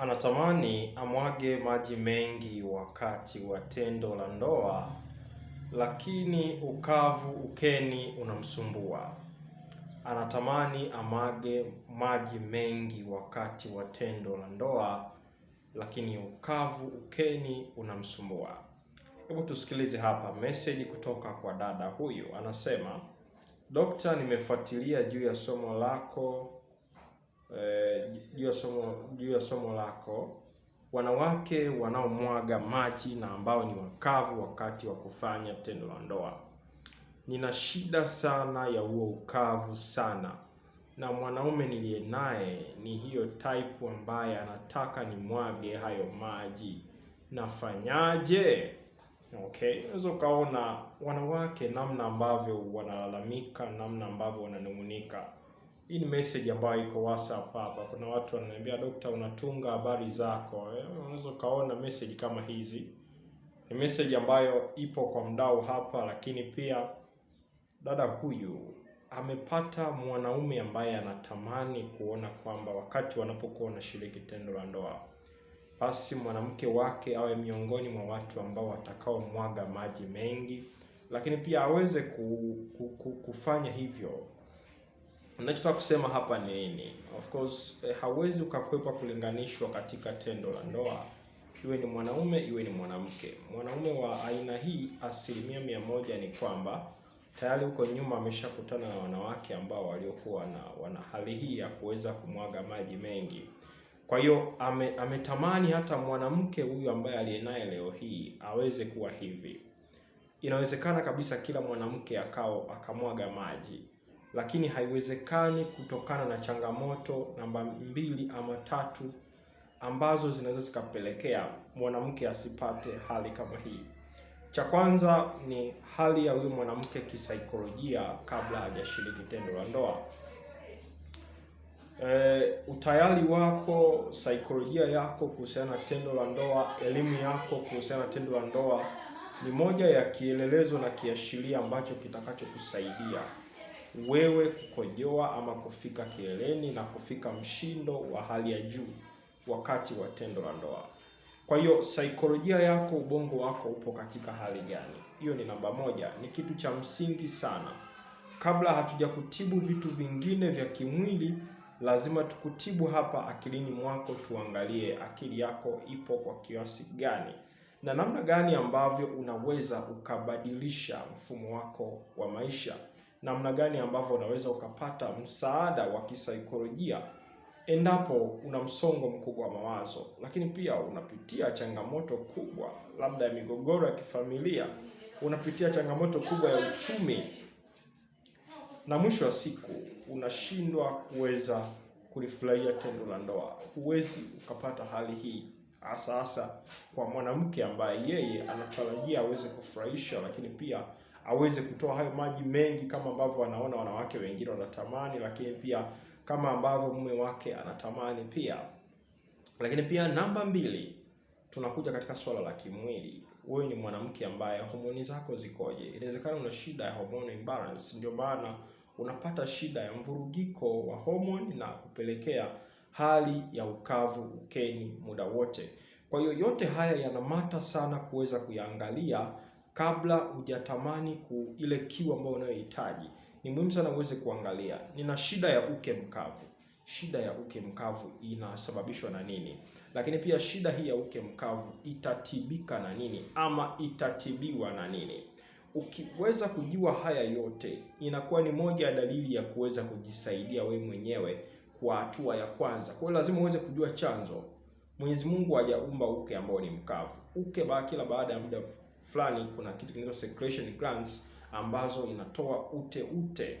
anatamani amwage maji mengi wakati wa tendo la ndoa, lakini ukavu ukeni unamsumbua. Anatamani amwage maji mengi wakati wa tendo la ndoa, lakini ukavu ukeni unamsumbua. Hebu tusikilize hapa meseji kutoka kwa dada huyu, anasema: Dokta, nimefuatilia juu ya somo lako Eh, juu ya somo juu ya somo lako, wanawake wanaomwaga maji na ambao ni wakavu wakati wa kufanya tendo la ndoa. Nina shida sana ya huo ukavu sana, na mwanaume niliye naye ni hiyo type ambaye anataka nimwage hayo maji. Nafanyaje? Okay, unaweza ukaona wanawake namna ambavyo wanalalamika, namna ambavyo wananung'unika. Hii ni message ambayo iko WhatsApp hapa. Kuna watu wananiambia dokta, unatunga habari zako. Eh, unaweza ukaona message kama hizi, ni message ambayo ipo kwa mdau hapa, lakini pia dada huyu amepata mwanaume ambaye anatamani kuona kwamba wakati wanapokuwa wanashiriki tendo la ndoa, basi mwanamke wake awe miongoni mwa watu ambao watakaomwaga maji mengi, lakini pia aweze ku, ku, ku, kufanya hivyo Ninachotaka kusema hapa ni nini? Of course eh, hauwezi ukakwepa kulinganishwa katika tendo la ndoa, iwe ni mwanaume iwe ni mwanamke. Mwanaume wa aina hii asilimia mia moja ni kwamba tayari huko nyuma ameshakutana na wanawake ambao waliokuwa na wana hali hii ya kuweza kumwaga maji mengi. Kwa hiyo ame, ametamani hata mwanamke huyu ambaye aliyenaye leo hii aweze kuwa hivi. Inawezekana kabisa kila mwanamke akao akamwaga maji lakini haiwezekani kutokana na changamoto namba mbili ama tatu ambazo zinaweza zikapelekea mwanamke asipate hali kama hii. Cha kwanza ni hali ya huyu mwanamke kisaikolojia kabla hajashiriki tendo la ndoa. E, utayari wako, saikolojia yako kuhusiana na tendo la ndoa, elimu yako kuhusiana na tendo la ndoa ni moja ya kielelezo na kiashiria ambacho kitakachokusaidia wewe kukojoa ama kufika kieleni na kufika mshindo wa hali ya juu wakati wa tendo la ndoa. Kwa hiyo saikolojia yako, ubongo wako upo katika hali gani? Hiyo ni namba moja, ni kitu cha msingi sana. Kabla hatuja kutibu vitu vingine vya kimwili, lazima tukutibu hapa akilini mwako, tuangalie akili yako ipo kwa kiasi gani na namna gani ambavyo unaweza ukabadilisha mfumo wako wa maisha namna gani ambavyo unaweza ukapata msaada wa kisaikolojia endapo una msongo mkubwa wa mawazo, lakini pia unapitia changamoto kubwa labda ya migogoro ya kifamilia, unapitia changamoto kubwa ya uchumi, na mwisho wa siku unashindwa kuweza kulifurahia tendo la ndoa. Huwezi ukapata hali hii hasa hasa kwa mwanamke ambaye yeye anatarajia aweze kufurahisha, lakini pia aweze kutoa hayo maji mengi kama ambavyo anaona wanawake wengine wanatamani, lakini pia kama ambavyo mume wake anatamani pia. Lakini pia namba mbili, tunakuja katika swala la kimwili. Wewe ni mwanamke ambaye homoni zako zikoje? Inawezekana una shida ya hormone imbalance, ndio maana unapata shida ya mvurugiko wa homoni na kupelekea hali ya ukavu ukeni muda wote. Kwa hiyo yote haya yanamata sana kuweza kuyaangalia kabla hujatamani ku ile kiu ambayo unayohitaji. Ni muhimu sana uweze kuangalia, nina shida ya uke mkavu. Shida ya uke mkavu inasababishwa na nini? Lakini pia shida hii ya uke mkavu itatibika na nini, ama itatibiwa na nini? Ukiweza kujua haya yote, inakuwa ni moja ya dalili ya kuweza kujisaidia we mwenyewe kwa hatua ya kwanza. Kwa hiyo lazima uweze kujua chanzo. Mwenyezi Mungu hajaumba uke ambao ni mkavu. Uke ba kila baada ya muda fulani kuna kitu kinaitwa secretion glands ambazo inatoa ute ute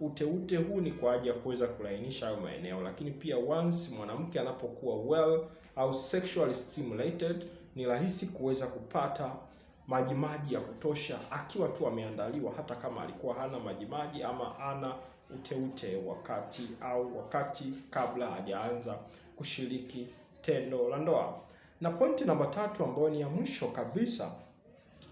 ute ute. Huu ni kwa ajili ya kuweza kulainisha hayo maeneo, lakini pia once mwanamke anapokuwa well au sexually stimulated, ni rahisi kuweza kupata maji maji ya kutosha akiwa tu ameandaliwa, hata kama alikuwa hana maji ama ana uteute -ute wakati au wakati kabla hajaanza kushiriki tendo la ndoa. Na pointi namba tatu ambayo ni ya mwisho kabisa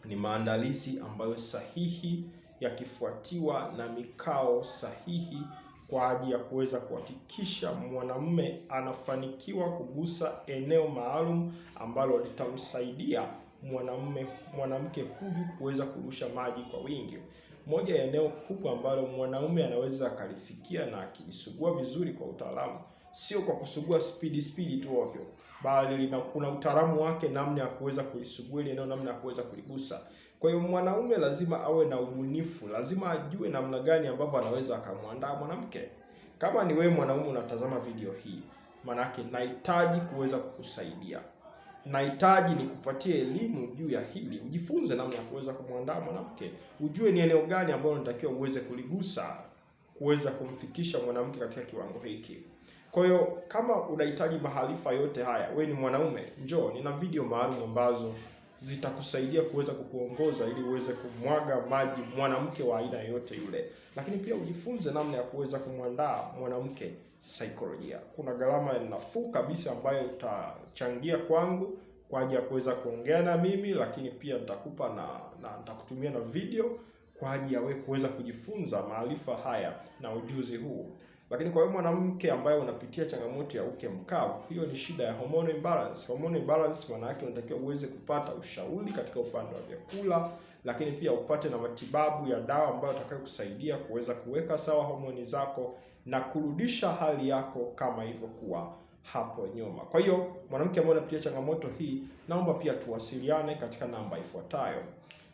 ni maandalizi ambayo sahihi yakifuatiwa na mikao sahihi kwa ajili ya kuweza kuhakikisha mwanamume anafanikiwa kugusa eneo maalum ambalo litamsaidia mwanamume mwanamke huyu kuweza kurusha maji kwa wingi. Moja ya eneo kubwa ambalo mwanamume anaweza akalifikia na akilisugua vizuri kwa utaalamu sio kwa kusugua spidi spidi tu ovyo, bali kuna utaalamu wake, namna ya kuweza kulisugua ile eneo, namna ya kuweza kuligusa. Kwa hiyo mwanaume lazima awe na ubunifu, lazima ajue namna gani ambavyo anaweza akamwandaa mwanamke. Kama ni wewe mwanaume unatazama video hii, manake nahitaji kuweza kukusaidia, nahitaji nikupatie elimu juu ya hili, ujifunze namna ya kuweza kumwandaa mwanamke, ujue ni eneo gani ambalo unatakiwa uweze kuligusa kuweza kumfikisha mwanamke katika kiwango hiki. Kwa hiyo kama unahitaji maarifa yote haya, we ni mwanaume, njoo, nina video maalum ambazo zitakusaidia kuweza kukuongoza ili uweze kumwaga maji mwanamke wa aina yoyote yule, lakini pia ujifunze namna ya kuweza kumwandaa mwanamke saikolojia. Kuna gharama nafuu kabisa ambayo utachangia kwangu kwa ajili ya kuweza kuongea na mimi, lakini pia nitakupa na, na nitakutumia na video kwa ajili ya wewe kuweza kujifunza maarifa haya na ujuzi huu. Lakini kwa wewe mwanamke ambaye unapitia changamoto ya uke mkavu, hiyo ni shida ya hormone imbalance. Hormone imbalance maana yake unatakiwa uweze kupata ushauri katika upande wa vyakula, lakini pia upate na matibabu ya dawa ambayo atakayokusaidia kuweza kuweka sawa homoni zako na kurudisha hali yako kama ilivyokuwa hapo nyuma. Kwa hiyo mwanamke ambaye unapitia changamoto hii, naomba pia tuwasiliane katika namba ifuatayo: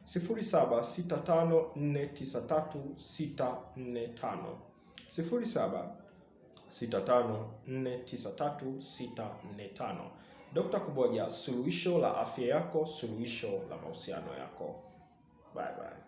0765493645 0765493645. Dr. Kuboja, suluhisho la afya yako, suluhisho la mahusiano yako. Bye bye.